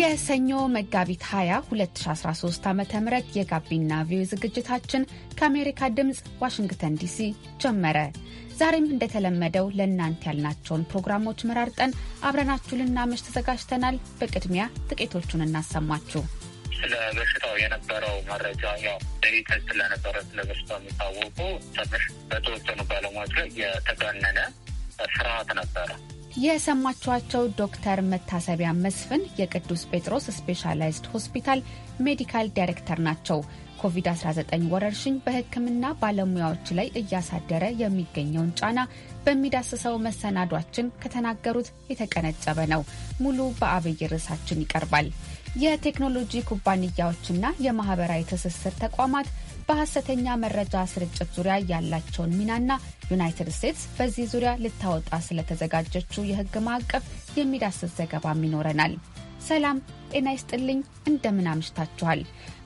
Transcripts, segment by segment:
የሰኞ መጋቢት 20 2013 ዓ ም የጋቢና ቪኦኤ ዝግጅታችን ከአሜሪካ ድምፅ ዋሽንግተን ዲሲ ጀመረ። ዛሬም እንደተለመደው ለእናንተ ያልናቸውን ፕሮግራሞች መራርጠን አብረናችሁ ልናመሽ ተዘጋጅተናል። በቅድሚያ ጥቂቶቹን እናሰማችሁ። ስለ በሽታው የነበረው መረጃ ያው ደይተ ስለነበረ ስለ በሽታው የሚታወቁ ትንሽ በተወሰኑ ባለሙያዎች ላይ የተጋነነ ፍርሃት ነበረ። የሰማችኋቸው ዶክተር መታሰቢያ መስፍን የቅዱስ ጴጥሮስ ስፔሻላይዝድ ሆስፒታል ሜዲካል ዳይሬክተር ናቸው። ኮቪድ-19 ወረርሽኝ በሕክምና ባለሙያዎች ላይ እያሳደረ የሚገኘውን ጫና በሚዳስሰው መሰናዷችን ከተናገሩት የተቀነጨበ ነው። ሙሉ በአብይ ርዕሳችን ይቀርባል። የቴክኖሎጂ ኩባንያዎችና የማህበራዊ ትስስር ተቋማት በሐሰተኛ መረጃ ስርጭት ዙሪያ ያላቸውን ሚናና ዩናይትድ ስቴትስ በዚህ ዙሪያ ልታወጣ ስለተዘጋጀችው የሕግ ማዕቀፍ የሚዳስስ ዘገባም ይኖረናል። ሰላም ጤና ይስጥልኝ። እንደምን አምሽታችኋል?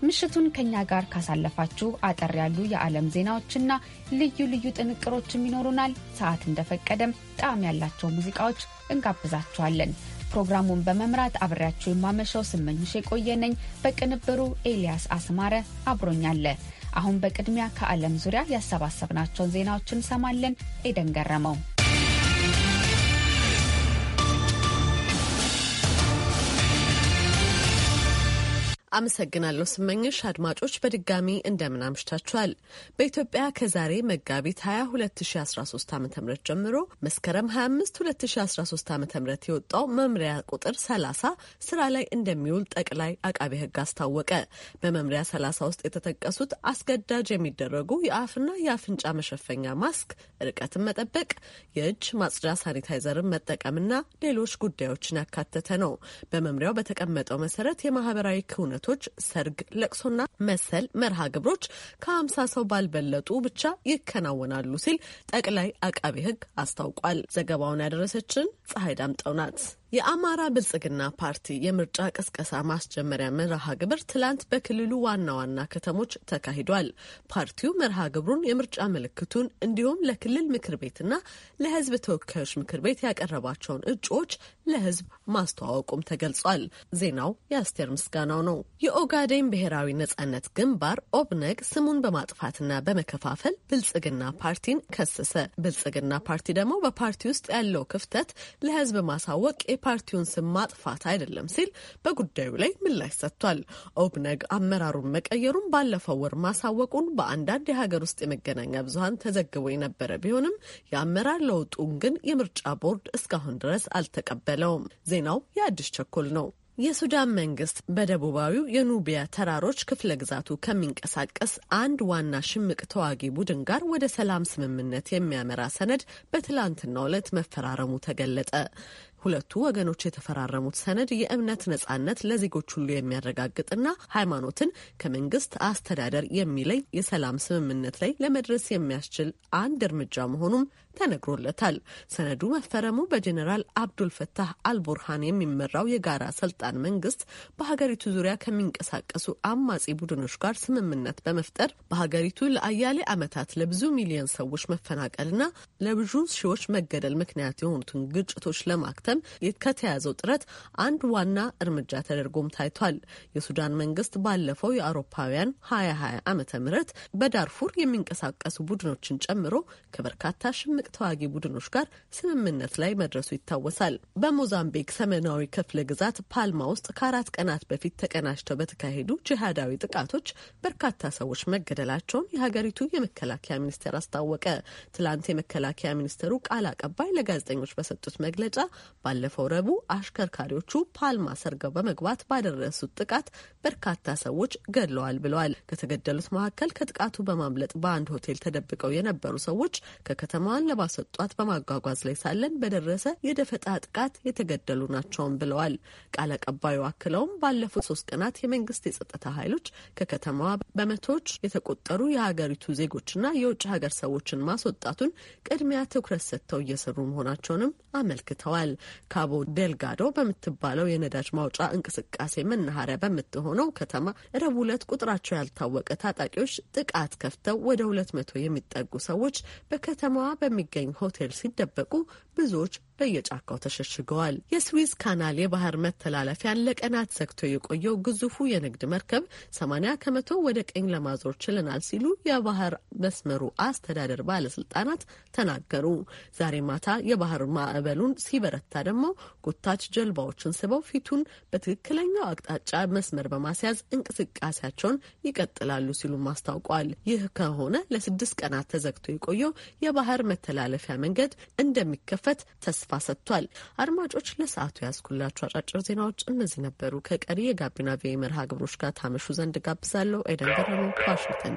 ምሽቱን ከእኛ ጋር ካሳለፋችሁ አጠር ያሉ የዓለም ዜናዎችና ልዩ ልዩ ጥንቅሮችም ይኖሩናል። ሰዓት እንደፈቀደም ጣዕም ያላቸው ሙዚቃዎች እንጋብዛችኋለን። ፕሮግራሙን በመምራት አብሬያችሁ የማመሸው ስመኝሽ የቆየነኝ፣ በቅንብሩ ኤልያስ አስማረ አብሮኛለ። አሁን በቅድሚያ ከዓለም ዙሪያ ያሰባሰብናቸውን ዜናዎችን እንሰማለን። ኤደን ገረመው አመሰግናለሁ ስመኝሽ። አድማጮች በድጋሚ እንደምን አምሽታችኋል። በኢትዮጵያ ከዛሬ መጋቢት 20 2013 ዓ ም ጀምሮ መስከረም 25 2013 ዓ ም የወጣው መምሪያ ቁጥር 30 ስራ ላይ እንደሚውል ጠቅላይ አቃቤ ሕግ አስታወቀ። በመምሪያ 30 ውስጥ የተጠቀሱት አስገዳጅ የሚደረጉ የአፍና የአፍንጫ መሸፈኛ ማስክ፣ ርቀትን መጠበቅ፣ የእጅ ማጽጃ ሳኒታይዘርን መጠቀምና ሌሎች ጉዳዮችን ያካተተ ነው። በመምሪያው በተቀመጠው መሰረት የማህበራዊ ክውነ ዝግጅቶች፣ ሰርግ፣ ለቅሶና መሰል መርሃ ግብሮች ከአምሳ ሰው ባልበለጡ ብቻ ይከናወናሉ ሲል ጠቅላይ አቃቤ ሕግ አስታውቋል። ዘገባውን ያደረሰችን ፀሐይ ዳምጠው ናት። የአማራ ብልጽግና ፓርቲ የምርጫ ቅስቀሳ ማስጀመሪያ መርሃ ግብር ትላንት በክልሉ ዋና ዋና ከተሞች ተካሂዷል። ፓርቲው መርሃ ግብሩን የምርጫ ምልክቱን እንዲሁም ለክልል ምክር ቤትና ለሕዝብ ተወካዮች ምክር ቤት ያቀረባቸውን እጩዎች ለሕዝብ ማስተዋወቁም ተገልጿል። ዜናው የአስቴር ምስጋናው ነው። የኦጋዴን ብሔራዊ ነጻነት ግንባር ኦብነግ ስሙን በማጥፋትና በመከፋፈል ብልጽግና ፓርቲን ከሰሰ። ብልጽግና ፓርቲ ደግሞ በፓርቲ ውስጥ ያለው ክፍተት ለሕዝብ ማሳወቅ የፓርቲውን ስም ማጥፋት አይደለም ሲል በጉዳዩ ላይ ምላሽ ሰጥቷል። ኦብነግ አመራሩን መቀየሩን ባለፈው ወር ማሳወቁን በአንዳንድ የሀገር ውስጥ የመገናኛ ብዙኃን ተዘግቦ የነበረ ቢሆንም የአመራር ለውጡን ግን የምርጫ ቦርድ እስካሁን ድረስ አልተቀበለውም። ዜናው የአዲስ ቸኮል ነው። የሱዳን መንግስት በደቡባዊው የኑቢያ ተራሮች ክፍለ ግዛቱ ከሚንቀሳቀስ አንድ ዋና ሽምቅ ተዋጊ ቡድን ጋር ወደ ሰላም ስምምነት የሚያመራ ሰነድ በትላንትናው ዕለት መፈራረሙ ተገለጠ። ሁለቱ ወገኖች የተፈራረሙት ሰነድ የእምነት ነጻነት ለዜጎች ሁሉ የሚያረጋግጥና ሃይማኖትን ከመንግስት አስተዳደር የሚለይ የሰላም ስምምነት ላይ ለመድረስ የሚያስችል አንድ እርምጃ መሆኑም ተነግሮለታል። ሰነዱ መፈረሙ በጀኔራል አብዱልፈታህ አልቡርሃን የሚመራው የጋራ ስልጣን መንግስት በሀገሪቱ ዙሪያ ከሚንቀሳቀሱ አማጺ ቡድኖች ጋር ስምምነት በመፍጠር በሀገሪቱ ለአያሌ ዓመታት ለብዙ ሚሊዮን ሰዎች መፈናቀልና ለብዙ ሺዎች መገደል ምክንያት የሆኑትን ግጭቶች ለማክተም ከተያዘው ጥረት አንድ ዋና እርምጃ ተደርጎም ታይቷል። የሱዳን መንግስት ባለፈው የአውሮፓውያን 2020 ዓ ም በዳርፉር የሚንቀሳቀሱ ቡድኖችን ጨምሮ ከበርካታ ሽምቅ ተዋጊ ቡድኖች ጋር ስምምነት ላይ መድረሱ ይታወሳል። በሞዛምቢክ ሰሜናዊ ክፍለ ግዛት ፓልማ ውስጥ ከአራት ቀናት በፊት ተቀናጅተው በተካሄዱ ጂሃዳዊ ጥቃቶች በርካታ ሰዎች መገደላቸውን የሀገሪቱ የመከላከያ ሚኒስቴር አስታወቀ። ትላንት የመከላከያ ሚኒስቴሩ ቃል አቀባይ ለጋዜጠኞች በሰጡት መግለጫ ባለፈው ረቡዕ አሽከርካሪዎቹ ፓልማ ሰርገው በመግባት ባደረሱት ጥቃት በርካታ ሰዎች ገድለዋል ብለዋል። ከተገደሉት መካከል ከጥቃቱ በማምለጥ በአንድ ሆቴል ተደብቀው የነበሩ ሰዎች ከከተማዋን ከለላ በማጓጓዝ ላይ ሳለን በደረሰ የደፈጣ ጥቃት የተገደሉ ናቸውም ብለዋል። ቃል አቀባዩ አክለውም ባለፉት ሶስት ቀናት የመንግስት የጸጥታ ኃይሎች ከከተማዋ በመቶዎች የተቆጠሩ የሀገሪቱ ዜጎችና የውጭ ሀገር ሰዎችን ማስወጣቱን ቅድሚያ ትኩረት ሰጥተው እየሰሩ መሆናቸውንም አመልክተዋል። ካቦ ዴልጋዶ በምትባለው የነዳጅ ማውጫ እንቅስቃሴ መናኸሪያ በምትሆነው ከተማ ረቡዕ ዕለት ቁጥራቸው ያልታወቀ ታጣቂዎች ጥቃት ከፍተው ወደ ሁለት መቶ የሚጠጉ ሰዎች በከተማዋ በሚ በሚገኝ ሆቴል ሲደበቁ ብዙዎች በየጫካው ተሸሽገዋል። የስዊዝ ካናል የባህር መተላለፊያን ለቀናት ዘግቶ የቆየው ግዙፉ የንግድ መርከብ 80 ከመቶ ወደ ቀኝ ለማዞር ችለናል ሲሉ የባህር መስመሩ አስተዳደር ባለስልጣናት ተናገሩ። ዛሬ ማታ የባህር ማዕበሉን ሲበረታ ደግሞ ጎታች ጀልባዎችን ስበው ፊቱን በትክክለኛው አቅጣጫ መስመር በማስያዝ እንቅስቃሴያቸውን ይቀጥላሉ ሲሉም አስታውቋል። ይህ ከሆነ ለስድስት ቀናት ተዘግቶ የቆየው የባህር መተላለፊያ መንገድ እንደሚከፈት ተስፋ ተስፋ ሰጥቷል። አድማጮች ለሰዓቱ ያዝኩላችሁ አጫጭር ዜናዎች እነዚህ ነበሩ። ከቀሪ የጋቢና ቪ መርሃ ግብሮች ጋር ታመሹ ዘንድ ጋብዛለሁ። ኤደን ገረመው ከዋሽንግተን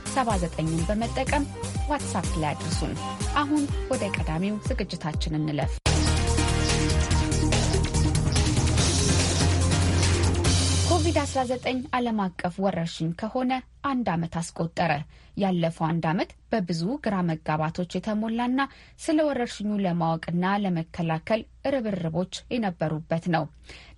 79ን በመጠቀም ዋትሳፕ ላይ አድርሱን። አሁን ወደ ቀዳሚው ዝግጅታችን እንለፍ። ኮቪድ-19 ዓለም አቀፍ ወረርሽኝ ከሆነ አንድ ዓመት አስቆጠረ። ያለፈው አንድ ዓመት በብዙ ግራ መጋባቶች የተሞላና ስለ ወረርሽኙ ለማወቅና ለመከላከል ርብርቦች የነበሩበት ነው።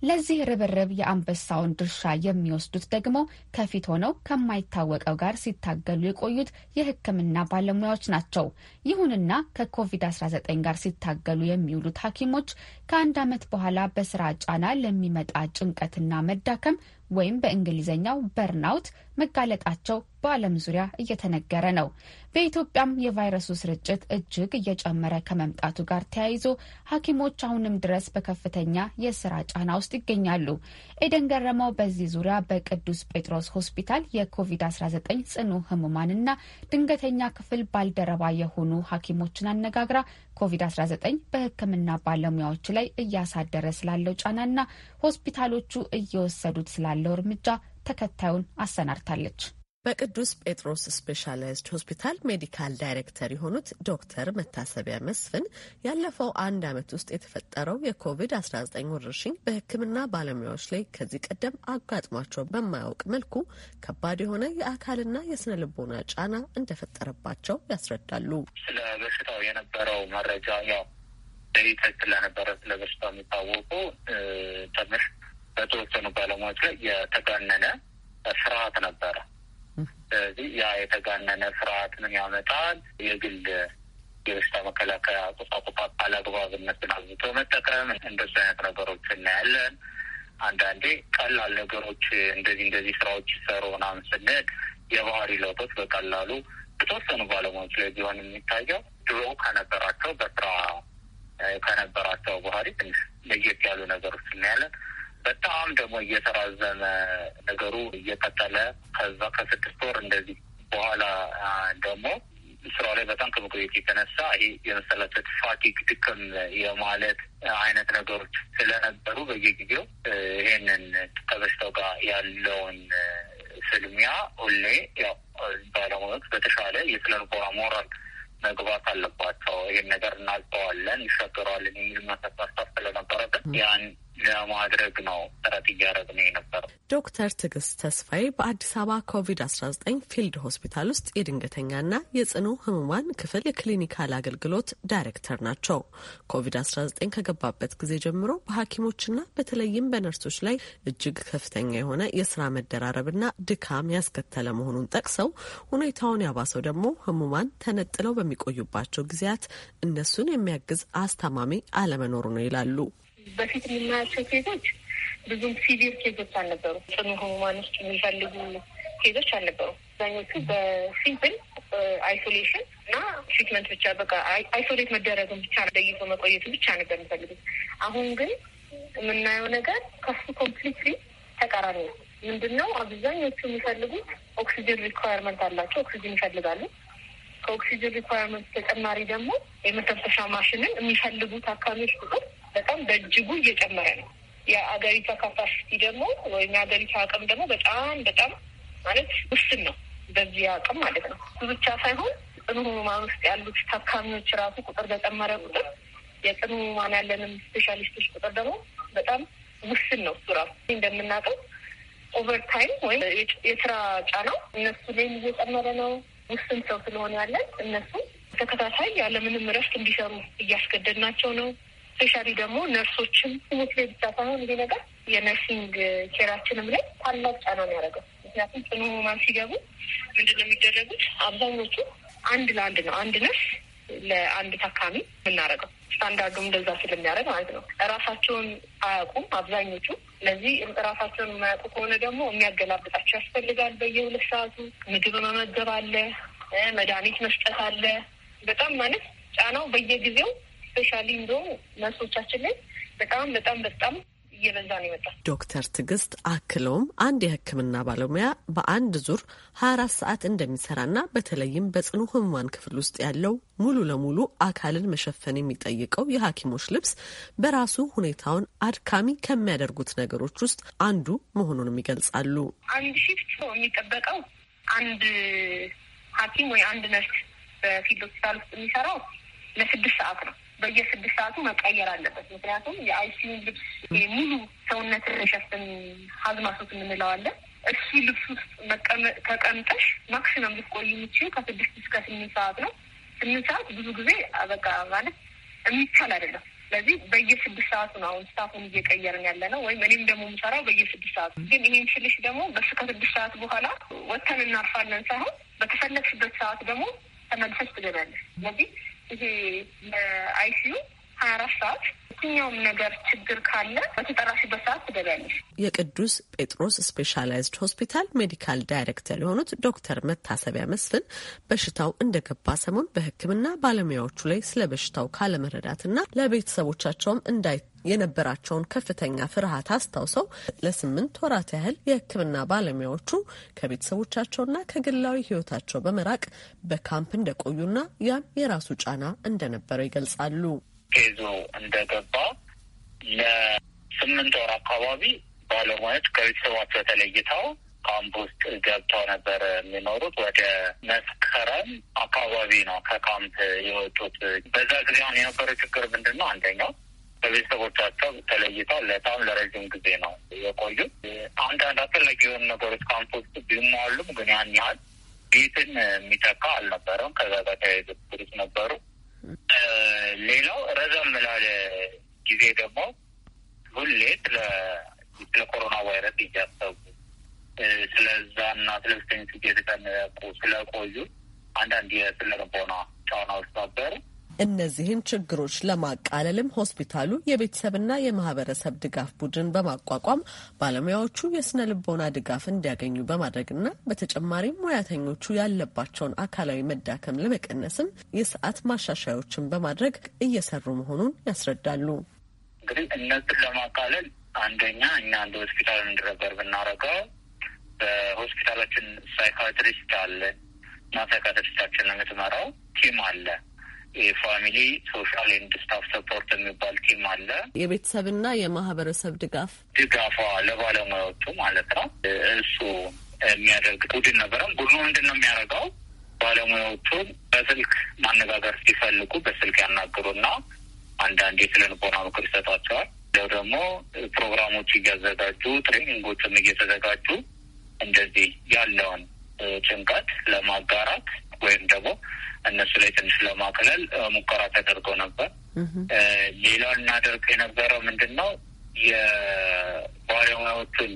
ለዚህ ርብርብ የአንበሳውን ድርሻ የሚወስዱት ደግሞ ከፊት ሆነው ከማይታወቀው ጋር ሲታገሉ የቆዩት የሕክምና ባለሙያዎች ናቸው። ይሁንና ከኮቪድ-19 ጋር ሲታገሉ የሚውሉት ሐኪሞች ከአንድ ዓመት በኋላ በስራ ጫና ለሚመጣ ጭንቀትና መዳከም ወይም በእንግሊዝኛው በርናውት መጋለጣቸው በዓለም ዙሪያ እየተነገረ ነው። በኢትዮጵያም የቫይረሱ ስርጭት እጅግ እየጨመረ ከመምጣቱ ጋር ተያይዞ ሐኪሞች አሁንም ድረስ በከፍተኛ የስራ ጫና ውስጥ ይገኛሉ። ኤደን ገረመው በዚህ ዙሪያ በቅዱስ ጴጥሮስ ሆስፒታል የኮቪድ-19 ጽኑ ህሙማንና ድንገተኛ ክፍል ባልደረባ የሆኑ ሐኪሞችን አነጋግራ ኮቪድ-19 በሕክምና ባለሙያዎች ላይ እያሳደረ ስላለው ጫናና ሆስፒታሎቹ እየወሰዱት ስላለው እርምጃ ተከታዩን አሰናድታለች። በቅዱስ ጴጥሮስ ስፔሻላይዝድ ሆስፒታል ሜዲካል ዳይሬክተር የሆኑት ዶክተር መታሰቢያ መስፍን ያለፈው አንድ ዓመት ውስጥ የተፈጠረው የኮቪድ-19 ወረርሽኝ በሕክምና ባለሙያዎች ላይ ከዚህ ቀደም አጋጥሟቸው በማያውቅ መልኩ ከባድ የሆነ የአካልና የስነ ልቦና ጫና እንደፈጠረባቸው ያስረዳሉ። ስለ በሽታው የነበረው መረጃ ያው ስለነበረ ስለ በሽታው የሚታወቁ ትምህርት በተወሰኑ ባለሙያዎች ላይ የተጋነነ ስርዓት ነበረ። ስለዚህ ያ የተጋነነ ስርዓት ምን ያመጣል? የግል የበሽታ መከላከያ ቁሳቁስ አላግባብነትን አብዝቶ መጠቀም፣ እንደዚህ አይነት ነገሮች እናያለን። አንዳንዴ ቀላል ነገሮች እንደዚህ እንደዚህ ስራዎች ይሰሩ ምናምን ስንል የባህሪ ለውጦች በቀላሉ የተወሰኑ ባለሙያዎች ላይ ቢሆን የሚታየው ድሮ ከነበራቸው በስራ ከነበራቸው ባህሪ ትንሽ ለየት ያሉ ነገሮች እናያለን። በጣም ደግሞ እየተራዘመ ነገሩ እየቀጠለ ከዛ ከስድስት ወር እንደዚህ በኋላ ደግሞ ስራው ላይ በጣም ከመቆየት የተነሳ ይሄ የመሰላቸት ፋቲግ ድክም የማለት አይነት ነገሮች ስለነበሩ በየጊዜው ይሄንን ከበሽታው ጋር ያለውን ስልሚያ ሁሌ ያው ባለሙያዎች በተሻለ የስለንኮራ ሞራል መግባት አለባቸው። ይህን ነገር እናልፈዋለን፣ ይሻገረዋለን የሚል መሰሳሳብ ስለነበረበት ያን ለማድረግ ነው ጥረት እያደረግን የነበረው። ዶክተር ትዕግስት ተስፋዬ በአዲስ አበባ ኮቪድ አስራ ዘጠኝ ፊልድ ሆስፒታል ውስጥ የድንገተኛና የጽኑ ህሙማን ክፍል የክሊኒካል አገልግሎት ዳይሬክተር ናቸው። ኮቪድ አስራ ዘጠኝ ከገባበት ጊዜ ጀምሮ በሐኪሞችና በተለይም በነርሶች ላይ እጅግ ከፍተኛ የሆነ የስራ መደራረብና ድካም ያስከተለ መሆኑን ጠቅሰው ሁኔታውን ያባሰው ደግሞ ህሙማን ተነጥለው በሚቆዩባቸው ጊዜያት እነሱን የሚያግዝ አስታማሚ አለመኖሩ ነው ይላሉ። በፊት የምናያቸው ኬዞች ብዙም ሲቪር ኬዞች አልነበሩ። ጽኑ ህሙማን ውስጥ የሚፈልጉ ኬዞች አልነበሩ። አብዛኞቹ በሲምፕል አይሶሌሽን እና ትሪትመንት ብቻ በቃ አይሶሌት መደረግን ብቻ ለይቶ መቆየቱ ብቻ ነበር የሚፈልጉት። አሁን ግን የምናየው ነገር ከሱ ኮምፕሊትሊ ተቃራኒ ነው። ምንድን ነው አብዛኞቹ የሚፈልጉት ኦክሲጅን ሪኳየርመንት አላቸው፣ ኦክሲጅን ይፈልጋሉ። ከኦክሲጅን ሪኳየርመንት ተጨማሪ ደግሞ የመተንፈሻ ማሽንን የሚፈልጉ አካባቢዎች ቁጥር በጣም በእጅጉ እየጨመረ ነው። የአገሪቷ ካፓሲቲ ደግሞ ወይም የአገሪቷ አቅም ደግሞ በጣም በጣም ማለት ውስን ነው። በዚህ አቅም ማለት ነው እሱ ብቻ ሳይሆን ጽኑ ህሙማን ውስጥ ያሉት ታካሚዎች ራሱ ቁጥር በጨመረ ቁጥር የጽኑ ህሙማን ያለንም ስፔሻሊስቶች ቁጥር ደግሞ በጣም ውስን ነው። ሱራ እንደምናውቀው ኦቨርታይም ወይም የስራ ጫናው እነሱ ላይም እየጨመረ ነው። ውስን ሰው ስለሆነ ያለን እነሱ ተከታታይ ያለምንም እረፍት እንዲሰሩ እያስገደድናቸው ነው። ስፔሻሊ ደግሞ ነርሶችም ስሜት ላይ ብቻ ሳይሆን ይሄ ነገር የነርሲንግ ኬራችንም ላይ ታላቅ ጫና ነው ያደረገው። ምክንያቱም ጽኑ ህሙማን ሲገቡ ምንድን ነው የሚደረጉት? አብዛኞቹ አንድ ለአንድ ነው አንድ ነርስ ለአንድ ታካሚ የምናደርገው ስታንዳርዱም እንደዛ ስለሚያደርግ ማለት ነው። እራሳቸውን አያውቁም አብዛኞቹ። ስለዚህ እራሳቸውን የማያውቁ ከሆነ ደግሞ የሚያገላብጣቸው ያስፈልጋል። በየሁለት ሰዓቱ ምግብ መመገብ አለ፣ መድኃኒት መስጠት አለ። በጣም ማለት ጫናው በየጊዜው ስፔሻሊ እንዶ ነርሶቻችን ላይ በጣም በጣም በጣም እየበዛ ነው ይመጣል። ዶክተር ትዕግስት አክለውም አንድ የሕክምና ባለሙያ በአንድ ዙር ሀያ አራት ሰዓት እንደሚሰራና በተለይም በጽኑ ህሙማን ክፍል ውስጥ ያለው ሙሉ ለሙሉ አካልን መሸፈን የሚጠይቀው የሐኪሞች ልብስ በራሱ ሁኔታውን አድካሚ ከሚያደርጉት ነገሮች ውስጥ አንዱ መሆኑንም ይገልጻሉ። አንድ ሺፍት ሰው የሚጠበቀው አንድ ሐኪም ወይ አንድ ነርስ በፊልድ ሆስፒታል ውስጥ የሚሰራው ለስድስት ሰዓት ነው በየስድስት ሰዓቱ መቀየር አለበት። ምክንያቱም የአይሲዩ ልብስ ሙሉ ሰውነትን የሸፍን ሀዝማሶት የምንለዋለን እሱ ልብስ ውስጥ ተቀምጠሽ ማክሲመም ልትቆይ የምችል ከስድስት እስከ ስምንት ሰዓት ነው። ስምንት ሰዓት ብዙ ጊዜ በቃ ማለት የሚቻል አይደለም። ስለዚህ በየስድስት ሰዓቱ ነው አሁን ስታፉን እየቀየርን ያለ ነው። ወይም እኔም ደግሞ የምሰራው በየስድስት ሰዓቱ ግን ይሄን ስልሽ ደግሞ በሱ ከስድስት ሰዓት በኋላ ወጥተን እናርፋለን ሳይሆን በተፈለግሽበት ሰዓት ደግሞ ተመልሰሽ ትገቢያለሽ። ስለዚህ ይሄ አይሲዩ ሀያ አራት ሰዓት የትኛውም ነገር ችግር ካለ በተጠራሽበት ሰዓት ትደጋለች። የቅዱስ ጴጥሮስ ስፔሻላይዝድ ሆስፒታል ሜዲካል ዳይሬክተር የሆኑት ዶክተር መታሰቢያ መስፍን በሽታው እንደገባ ሰሞን በሕክምና ባለሙያዎቹ ላይ ስለ በሽታው ካለመረዳትና ለቤተሰቦቻቸውም እንዳይ የነበራቸውን ከፍተኛ ፍርሃት አስታውሰው ለስምንት ወራት ያህል የህክምና ባለሙያዎቹ ከቤተሰቦቻቸውና ከግላዊ ህይወታቸው በመራቅ በካምፕ እንደቆዩና ያም የራሱ ጫና እንደነበረው ይገልጻሉ። ተይዞ እንደገባ ለስምንት ወር አካባቢ ባለሙያዎች ከቤተሰባቸው ተለይተው ካምፕ ውስጥ ገብተው ነበር የሚኖሩት። ወደ መስከረም አካባቢ ነው ከካምፕ የወጡት። በዛ ጊዜ አሁን የነበረው ችግር ምንድን ነው? አንደኛው በቤተሰቦቻቸው ተለይተው በጣም ለረዥም ጊዜ ነው የቆዩት። አንዳንድ አስፈላጊ የሆኑ ነገሮች ካምፕ ውስጥ ቢሟሉም ግን ያን ያህል ቤትን የሚተካ አልነበረም። ከዛ ጋር ተያይዘ ነበሩ። ሌላው ደግሞ ሁሌ ስለ ስለ ኮሮና ቫይረስ እያሰቡ ስለዛና ስለ ስጌት የተጠነቁ ስለቆዩ አንዳንድ የስነ ልቦና ጫናዎች ነበሩ። እነዚህን ችግሮች ለማቃለልም ሆስፒታሉ የቤተሰብና የማህበረሰብ ድጋፍ ቡድን በማቋቋም ባለሙያዎቹ የስነ ልቦና ድጋፍ እንዲያገኙ በማድረግና በተጨማሪም ሙያተኞቹ ያለባቸውን አካላዊ መዳከም ለመቀነስም የሰዓት ማሻሻያዎችን በማድረግ እየሰሩ መሆኑን ያስረዳሉ። ግን እነሱን ለማቃለል አንደኛ እኛ አንድ ሆስፒታል እንድረበር ብናረገው በሆስፒታላችን ሳይካትሪስት አለ እና ሳይካትሪስታችን የምትመራው ቲም አለ። የፋሚሊ ሶሻል ኤንድ ስታፍ ሰፖርት የሚባል ቲም አለ። የቤተሰብና የማህበረሰብ ድጋፍ ድጋፏ ለባለሙያዎቹ ማለት ነው። እሱ የሚያደርግ ቡድን ነበረም። ቡድኑ ምንድን ነው የሚያደርገው? ባለሙያዎቹ በስልክ ማነጋገር ሲፈልጉ በስልክ ያናግሩና አንዳንድ የስነ ልቦና ምክር ይሰጧቸዋል። ለው ደግሞ ፕሮግራሞች እያዘጋጁ ትሬኒንጎችም እየተዘጋጁ እንደዚህ ያለውን ጭንቀት ለማጋራት ወይም ደግሞ እነሱ ላይ ትንሽ ለማቅለል ሙከራ ተደርጎ ነበር። ሌላው እናደርግ የነበረው ምንድን ነው የባለሙያዎቹን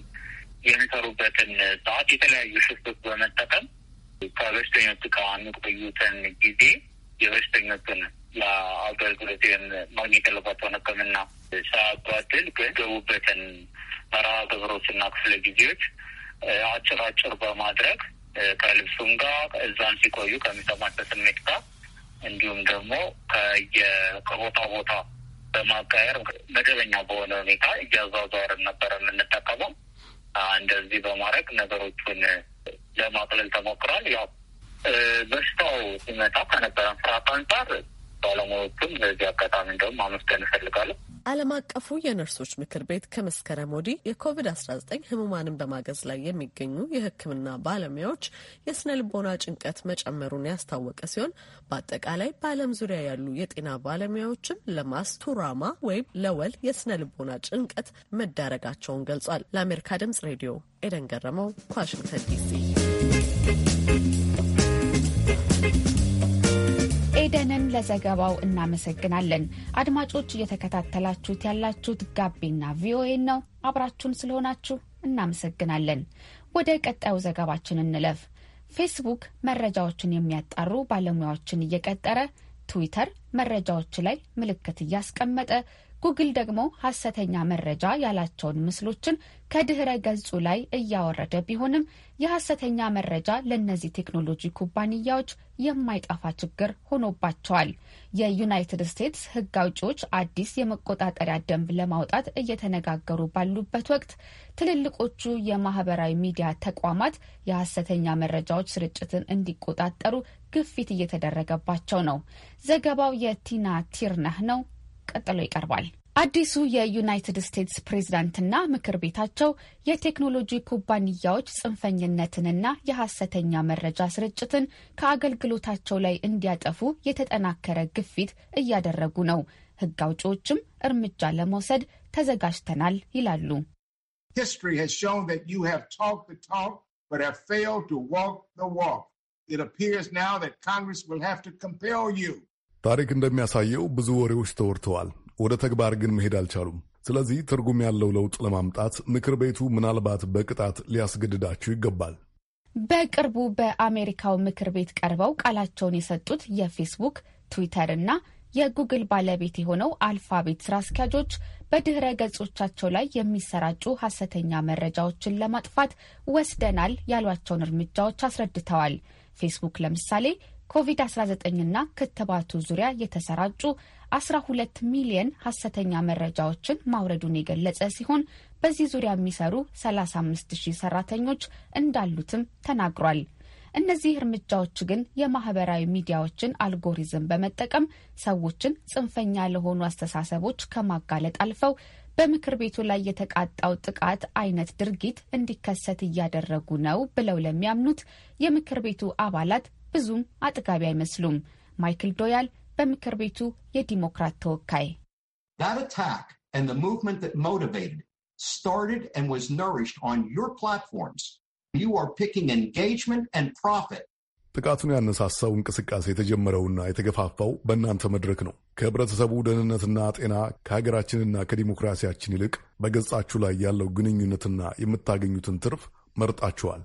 የሚሰሩበትን ሰዓት የተለያዩ ሽፍቶች በመጠቀም ከበሽተኞቹ ጋር የሚቆዩትን ጊዜ የበሽተኞቹን ለአገልግሎት ማግኘት ያለባቸውን ሕክምና ሳያጓድል ገቡበትን መርሃ እና ክፍለ ጊዜዎች አጭር አጭር በማድረግ ከልብሱም ጋር እዛን ሲቆዩ ከሚሰማቸው ስሜት ጋር እንዲሁም ደግሞ ከቦታ ቦታ በማቃየር መደበኛ በሆነ ሁኔታ እያዟዟርን ነበረ የምንጠቀመው። እንደዚህ በማድረግ ነገሮቹን ለማቅለል ተሞክሯል። ያው በሽታው ሲመጣ ከነበረን ፍርሃት አንጻር ባለሙያዎችም እነዚህ አጋጣሚ እንደውም አመስገን እፈልጋለሁ። ዓለም አቀፉ የነርሶች ምክር ቤት ከመስከረም ወዲህ የኮቪድ-19 ህሙማንን በማገዝ ላይ የሚገኙ የሕክምና ባለሙያዎች የስነ ልቦና ጭንቀት መጨመሩን ያስታወቀ ሲሆን በአጠቃላይ በዓለም ዙሪያ ያሉ የጤና ባለሙያዎችም ለማስቱራማ ወይም ለወል የስነ ልቦና ጭንቀት መዳረጋቸውን ገልጿል። ለአሜሪካ ድምጽ ሬዲዮ ኤደን ገረመው ከዋሽንግተን ዲሲ ሄደንን ለዘገባው እናመሰግናለን። አድማጮች እየተከታተላችሁት ያላችሁት ጋቢና ቪኦኤ ነው። አብራችሁን ስለሆናችሁ እናመሰግናለን። ወደ ቀጣዩ ዘገባችን እንለፍ። ፌስቡክ መረጃዎችን የሚያጣሩ ባለሙያዎችን እየቀጠረ፣ ትዊተር መረጃዎች ላይ ምልክት እያስቀመጠ፣ ጉግል ደግሞ ሐሰተኛ መረጃ ያላቸውን ምስሎችን ከድኅረ ገጹ ላይ እያወረደ ቢሆንም የሐሰተኛ መረጃ ለእነዚህ ቴክኖሎጂ ኩባንያዎች የማይጠፋ ችግር ሆኖባቸዋል። የዩናይትድ ስቴትስ ሕግ አውጪዎች አዲስ የመቆጣጠሪያ ደንብ ለማውጣት እየተነጋገሩ ባሉበት ወቅት ትልልቆቹ የማህበራዊ ሚዲያ ተቋማት የሐሰተኛ መረጃዎች ስርጭትን እንዲቆጣጠሩ ግፊት እየተደረገባቸው ነው። ዘገባው የቲና ቲርነህ ነው። ቀጥሎ ይቀርባል። አዲሱ የዩናይትድ ስቴትስ ፕሬዝዳንትና ምክር ቤታቸው የቴክኖሎጂ ኩባንያዎች ጽንፈኝነትንና የሐሰተኛ መረጃ ስርጭትን ከአገልግሎታቸው ላይ እንዲያጠፉ የተጠናከረ ግፊት እያደረጉ ነው። ሕግ አውጪዎችም እርምጃ ለመውሰድ ተዘጋጅተናል ይላሉ። ታሪክ እንደሚያሳየው ብዙ ወሬዎች ተወርተዋል። ወደ ተግባር ግን መሄድ አልቻሉም። ስለዚህ ትርጉም ያለው ለውጥ ለማምጣት ምክር ቤቱ ምናልባት በቅጣት ሊያስገድዳቸው ይገባል። በቅርቡ በአሜሪካው ምክር ቤት ቀርበው ቃላቸውን የሰጡት የፌስቡክ ትዊተር እና የጉግል ባለቤት የሆነው አልፋቤት ስራ አስኪያጆች በድኅረ ገጾቻቸው ላይ የሚሰራጩ ሀሰተኛ መረጃዎችን ለማጥፋት ወስደናል ያሏቸውን እርምጃዎች አስረድተዋል። ፌስቡክ ለምሳሌ ኮቪድ-19ና ክትባቱ ዙሪያ የተሰራጩ 12 ሚሊየን ሀሰተኛ መረጃዎችን ማውረዱን የገለጸ ሲሆን በዚህ ዙሪያ የሚሰሩ 35ሺህ ሰራተኞች እንዳሉትም ተናግሯል። እነዚህ እርምጃዎች ግን የማህበራዊ ሚዲያዎችን አልጎሪዝም በመጠቀም ሰዎችን ጽንፈኛ ለሆኑ አስተሳሰቦች ከማጋለጥ አልፈው በምክር ቤቱ ላይ የተቃጣው ጥቃት አይነት ድርጊት እንዲከሰት እያደረጉ ነው ብለው ለሚያምኑት የምክር ቤቱ አባላት ብዙም አጥጋቢ አይመስሉም። ማይክል ዶያል በምክር ቤቱ የዲሞክራት ተወካይ ጥቃቱን ያነሳሳው እንቅስቃሴ የተጀመረውና የተገፋፋው በእናንተ መድረክ ነው። ከህብረተሰቡ ደህንነትና ጤና ከሀገራችንና ከዲሞክራሲያችን ይልቅ በገጻችሁ ላይ ያለው ግንኙነትና የምታገኙትን ትርፍ መርጣችኋል።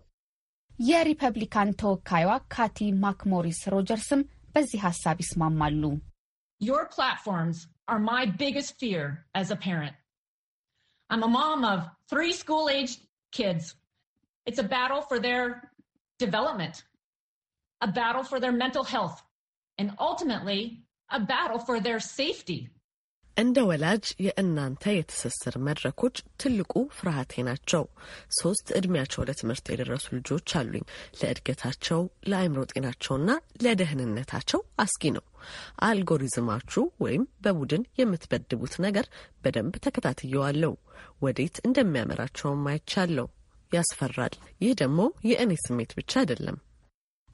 የሪፐብሊካን ተወካይዋ ካቲ ማክሞሪስ ሮጀርስም በዚህ ሀሳብ ይስማማሉ። Your platforms are my biggest fear as a parent. I'm a mom of three school-aged kids. It's a battle for their development, a battle for their mental health, and ultimately a battle for their safety. እንደ ወላጅ የእናንተ የትስስር መድረኮች ትልቁ ፍርሃቴ ናቸው። ሶስት እድሜያቸው ለትምህርት የደረሱ ልጆች አሉኝ። ለእድገታቸው፣ ለአእምሮ ጤናቸውና ለደህንነታቸው አስጊ ነው። አልጎሪዝማችሁ ወይም በቡድን የምትበድቡት ነገር በደንብ ተከታትየዋለሁ። ወዴት እንደሚያመራቸውም አይቻለሁ። ያስፈራል። ይህ ደግሞ የእኔ ስሜት ብቻ አይደለም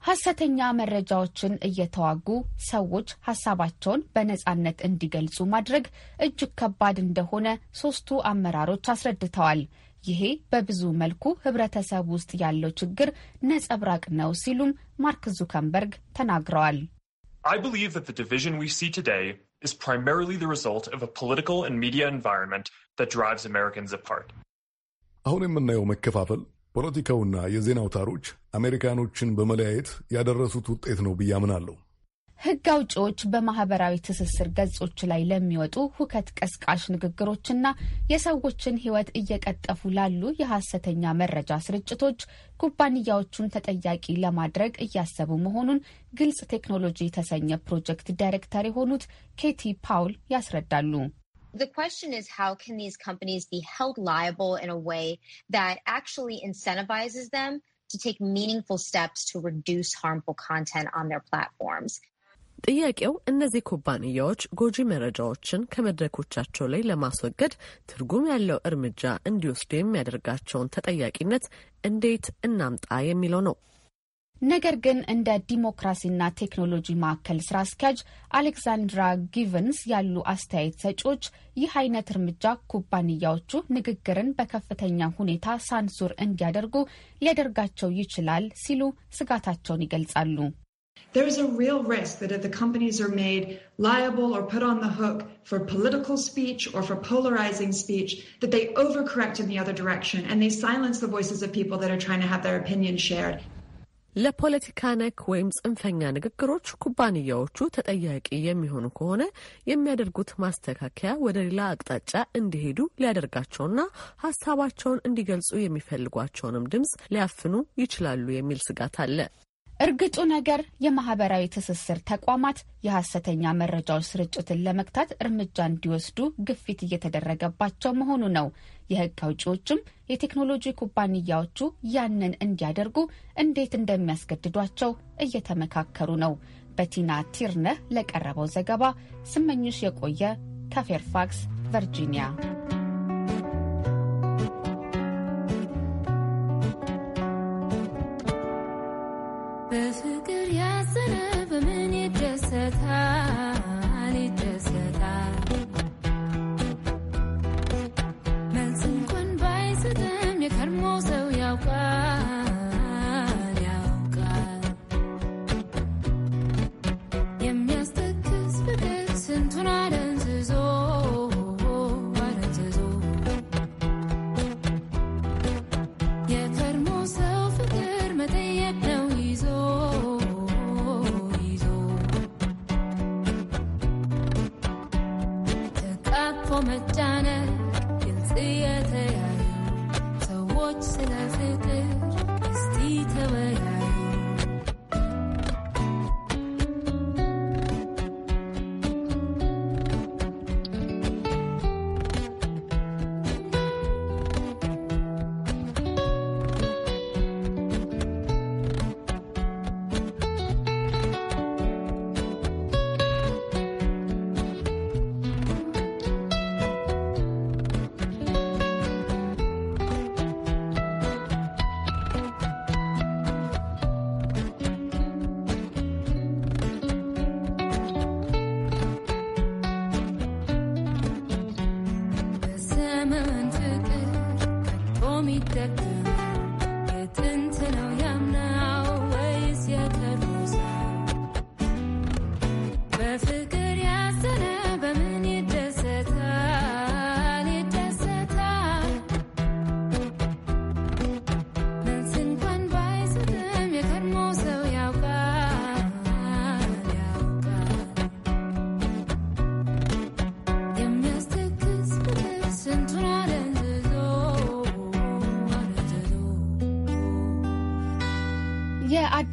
ሐሰተኛ መረጃዎችን እየተዋጉ ሰዎች ሀሳባቸውን በነጻነት እንዲገልጹ ማድረግ እጅግ ከባድ እንደሆነ ሶስቱ አመራሮች አስረድተዋል። ይሄ በብዙ መልኩ ህብረተሰብ ውስጥ ያለው ችግር ነጸብራቅ ነው ሲሉም ማርክ ዙከንበርግ ተናግረዋል። አሁን የምናየው መከፋፈል ፖለቲካውና የዜና አውታሮች አሜሪካኖችን በመለያየት ያደረሱት ውጤት ነው ብዬ አምናለሁ። ሕግ አውጪዎች በማህበራዊ ትስስር ገጾች ላይ ለሚወጡ ሁከት ቀስቃሽ ንግግሮችና የሰዎችን ሕይወት እየቀጠፉ ላሉ የሐሰተኛ መረጃ ስርጭቶች ኩባንያዎቹን ተጠያቂ ለማድረግ እያሰቡ መሆኑን ግልጽ ቴክኖሎጂ የተሰኘ ፕሮጀክት ዳይሬክተር የሆኑት ኬቲ ፓውል ያስረዳሉ። The question is how can these companies be held liable in a way that actually incentivizes them to take meaningful steps to reduce harmful content on their platforms? ጥያቄው እነዚህ ኩባንያዎች ጎጂ መረጃዎችን ከመድረኮቻቸው ላይ ለማስወገድ ትርጉም ያለው እርምጃ እንዲወስዱ የሚያደርጋቸውን ተጠያቂነት እንዴት እናምጣ የሚለው ነው። ነገር ግን እንደ ዲሞክራሲና ቴክኖሎጂ ማዕከል ስራ አስኪያጅ አሌክሳንድራ ጊቨንስ ያሉ አስተያየት ሰጪዎች ይህ አይነት እርምጃ ኩባንያዎቹ ንግግርን በከፍተኛ ሁኔታ ሳንሱር እንዲያደርጉ ሊያደርጋቸው ይችላል ሲሉ ስጋታቸውን ይገልጻሉ። ለፖለቲካ ነክ ወይም ጽንፈኛ ንግግሮች ኩባንያዎቹ ተጠያቂ የሚሆኑ ከሆነ የሚያደርጉት ማስተካከያ ወደ ሌላ አቅጣጫ እንዲሄዱ ሊያደርጋቸውና ሀሳባቸውን እንዲገልጹ የሚፈልጓቸውንም ድምጽ ሊያፍኑ ይችላሉ የሚል ስጋት አለ። እርግጡ ነገር የማህበራዊ ትስስር ተቋማት የሐሰተኛ መረጃዎች ስርጭትን ለመግታት እርምጃ እንዲወስዱ ግፊት እየተደረገባቸው መሆኑ ነው። የህግ አውጪዎችም የቴክኖሎጂ ኩባንያዎቹ ያንን እንዲያደርጉ እንዴት እንደሚያስገድዷቸው እየተመካከሩ ነው። በቲና ቲርነህ ለቀረበው ዘገባ ስመኝሽ የቆየ ከፌርፋክስ ቨርጂኒያ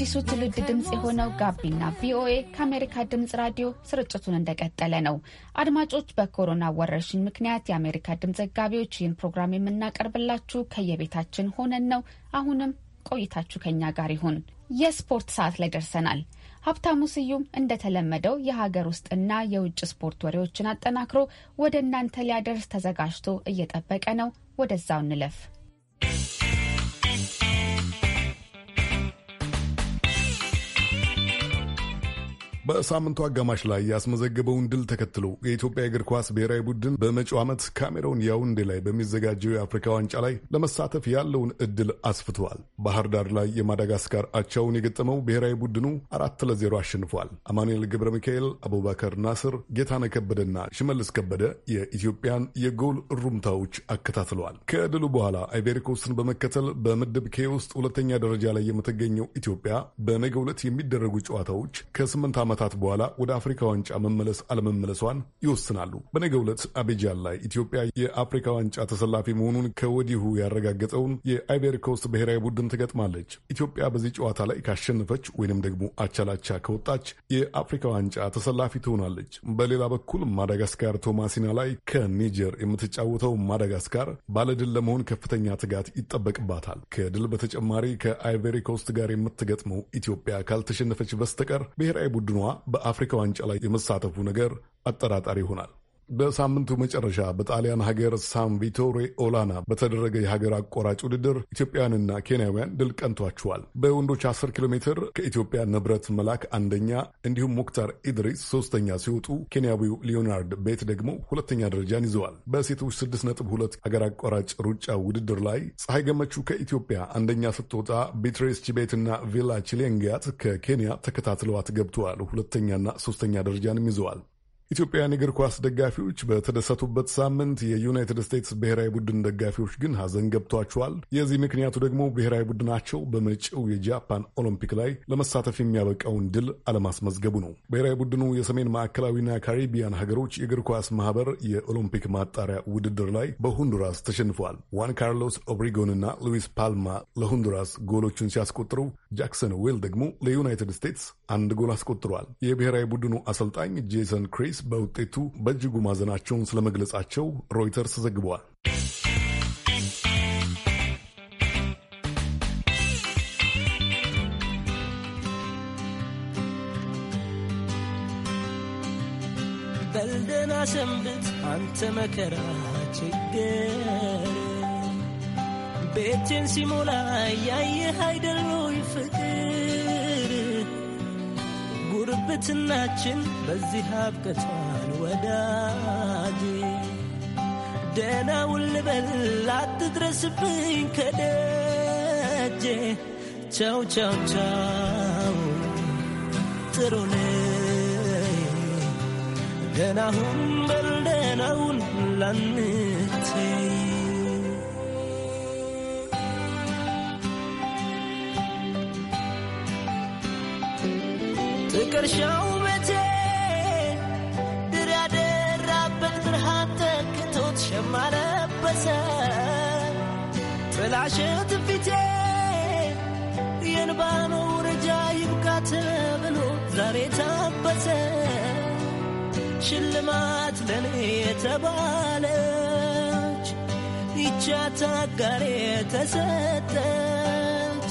የአዲሱ ትውልድ ድምፅ የሆነው ጋቢና ቪኦኤ ከአሜሪካ ድምፅ ራዲዮ ስርጭቱን እንደቀጠለ ነው። አድማጮች፣ በኮሮና ወረርሽኝ ምክንያት የአሜሪካ ድምፅ ዘጋቢዎች ይህን ፕሮግራም የምናቀርብላችሁ ከየቤታችን ሆነን ነው። አሁንም ቆይታችሁ ከኛ ጋር ይሁን። የስፖርት ሰዓት ላይ ደርሰናል። ሀብታሙ ስዩም እንደተለመደው የሀገር ውስጥና የውጭ ስፖርት ወሬዎችን አጠናክሮ ወደ እናንተ ሊያደርስ ተዘጋጅቶ እየጠበቀ ነው። ወደዛው እንለፍ። በሳምንቱ አጋማሽ ላይ ያስመዘገበውን ድል ተከትሎ የኢትዮጵያ እግር ኳስ ብሔራዊ ቡድን በመጪው ዓመት ካሜሮን ያውንዴ ላይ በሚዘጋጀው የአፍሪካ ዋንጫ ላይ ለመሳተፍ ያለውን እድል አስፍተዋል። ባህር ዳር ላይ የማዳጋስካር አቻውን የገጠመው ብሔራዊ ቡድኑ አራት ለዜሮ አሸንፏል። አማኑኤል ገብረ ሚካኤል፣ አቡባከር ናስር፣ ጌታነ ከበደና ሽመልስ ከበደ የኢትዮጵያን የጎል እሩምታዎች አከታትለዋል። ከድሉ በኋላ አይቬሪኮስትን በመከተል በምድብ ኬ ውስጥ ሁለተኛ ደረጃ ላይ የምትገኘው ኢትዮጵያ በነገ ዕለት የሚደረጉ ጨዋታዎች ከስምንት ዓመት ዓመታት በኋላ ወደ አፍሪካ ዋንጫ መመለስ አለመመለሷን ይወስናሉ። በነገው ዕለት አቤጃን ላይ ኢትዮጵያ የአፍሪካ ዋንጫ ተሰላፊ መሆኑን ከወዲሁ ያረጋገጠውን የአይቨሪ ኮስት ብሔራዊ ቡድን ትገጥማለች። ኢትዮጵያ በዚህ ጨዋታ ላይ ካሸነፈች ወይንም ደግሞ አቻላቻ ከወጣች የአፍሪካ ዋንጫ ተሰላፊ ትሆናለች። በሌላ በኩል ማዳጋስካር ቶማሲና ላይ ከኒጀር የምትጫወተው ማዳጋስካር ባለድል ለመሆን ከፍተኛ ትጋት ይጠበቅባታል። ከድል በተጨማሪ ከአይቬሪ ኮስት ጋር የምትገጥመው ኢትዮጵያ ካልተሸነፈች በስተቀር ብሔራዊ ቡድኗ በአፍሪካ ዋንጫ ላይ የመሳተፉ ነገር አጠራጣሪ ይሆናል። በሳምንቱ መጨረሻ በጣሊያን ሀገር ሳን ቪቶሬ ኦላና በተደረገ የሀገር አቋራጭ ውድድር ኢትዮጵያንና ኬንያውያን ድል ቀንቷቸዋል። በወንዶች 10 ኪሎ ሜትር ከኢትዮጵያ ንብረት መላክ አንደኛ፣ እንዲሁም ሙክታር ኢድሪስ ሶስተኛ ሲወጡ ኬንያዊው ሊዮናርድ ቤት ደግሞ ሁለተኛ ደረጃን ይዘዋል። በሴቶች 6.2 ሀገር አቋራጭ ሩጫ ውድድር ላይ ፀሐይ ገመቹ ከኢትዮጵያ አንደኛ ስትወጣ፣ ቢትሬስ ቺቤትና ቪላ ቺሌንጋት ከኬንያ ተከታትለዋት ገብተዋል። ሁለተኛና ሶስተኛ ደረጃንም ይዘዋል። ኢትዮጵያውያን የእግር ኳስ ደጋፊዎች በተደሰቱበት ሳምንት የዩናይትድ ስቴትስ ብሔራዊ ቡድን ደጋፊዎች ግን ሀዘን ገብቷቸዋል። የዚህ ምክንያቱ ደግሞ ብሔራዊ ቡድናቸው በመጪው የጃፓን ኦሎምፒክ ላይ ለመሳተፍ የሚያበቃውን ድል አለማስመዝገቡ ነው። ብሔራዊ ቡድኑ የሰሜን ማዕከላዊና ካሪቢያን ሀገሮች የእግር ኳስ ማህበር የኦሎምፒክ ማጣሪያ ውድድር ላይ በሆንዱራስ ተሸንፏል። ዋን ካርሎስ ኦብሪጎንና ሉዊስ ፓልማ ለሆንዱራስ ጎሎቹን ሲያስቆጥሩ፣ ጃክሰን ዌል ደግሞ ለዩናይትድ ስቴትስ አንድ ጎል አስቆጥሯል። የብሔራዊ ቡድኑ አሰልጣኝ ጄሰን ክሪስ ፖሊስ በውጤቱ በእጅጉ ማዘናቸውን ስለመግለጻቸው ሮይተርስ ዘግቧል። በልደና ሰንብት አንተ መከራ ችግር ቤቴን ሲሞላ ያየህ አይደል ፍቅር ጉርብትናችን በዚህ አብቅቷን ወዳጅ ደህናውን ልበል አትድረስብኝ ከደጄ ቻው ቻው ቻው ጥሩን ደህናሁን በል ደህናውን ላን ፍቅር ሸውበቴ ድር ያደራበት ብርሃን ተክቶት ሸማ ለበሰ ጥላሸት ፊቴ የንባኑ ውርጃ ይብቃት ብሎ ዛሬ ታበሰ ሽልማት ለኔ የተባለች ይቻታ ጋር የተሰጠች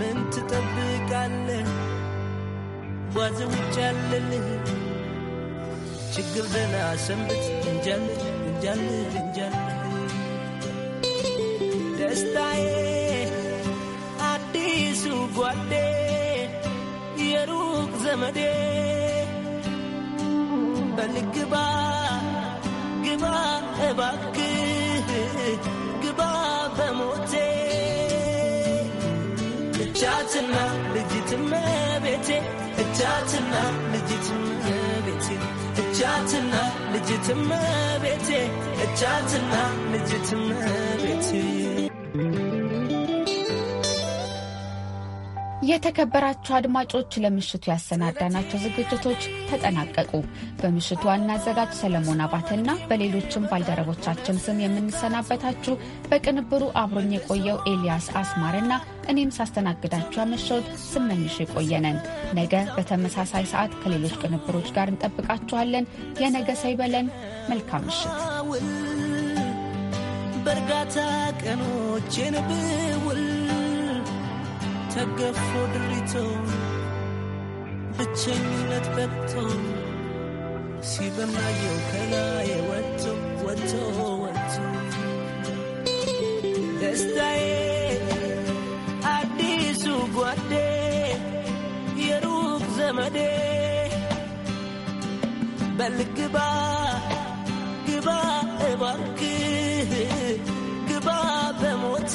ምን ትጠብቃለህ? ጓዝ ውጭ ያለልህ ችግር ደህና ሰንብት እንጃል እንጃል እንጃል ደስታዬ አዲሱ ጓዴ የሩቅ ዘመዴ በልግባ ግባ እባክህ ግባ በሞቴ እቻትና ልጅትም ቤቴ እቻትና ልጅትነ ቤቴ እቻትና ልጅትነ ቤቴ እቻትና ልጅትነ ቤቴ የተከበራቸው አድማጮች ለምሽቱ ያሰናዳናቸው ዝግጅቶች ተጠናቀቁ። በምሽቱ ዋና አዘጋጅ ሰለሞን አባተና በሌሎችም ባልደረቦቻችን ስም የምንሰናበታችሁ በቅንብሩ አብሮኝ የቆየው ኤልያስ አስማርና እኔም ሳስተናግዳችሁ ያመሸሁት ስመኝሽ የቆየነን። ነገ በተመሳሳይ ሰዓት ከሌሎች ቅንብሮች ጋር እንጠብቃችኋለን። የነገ ሰይበለን። መልካም ምሽት። በእርጋታ ቀኖቼን ብውል ተገፎ ድሪቶ ብቸኝነት ገብቶን ሲበናየው ከላይ ወጥቶ ወጥቶ ወጥቶ ደስታዬ አዲሱ ጓዴ የሩቅ ዘመዴ በልግባ ግባ እባክህ ግባ በሞቴ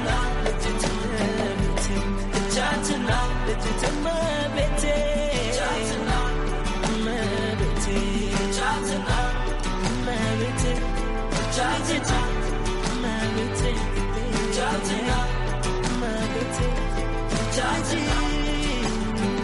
爱情。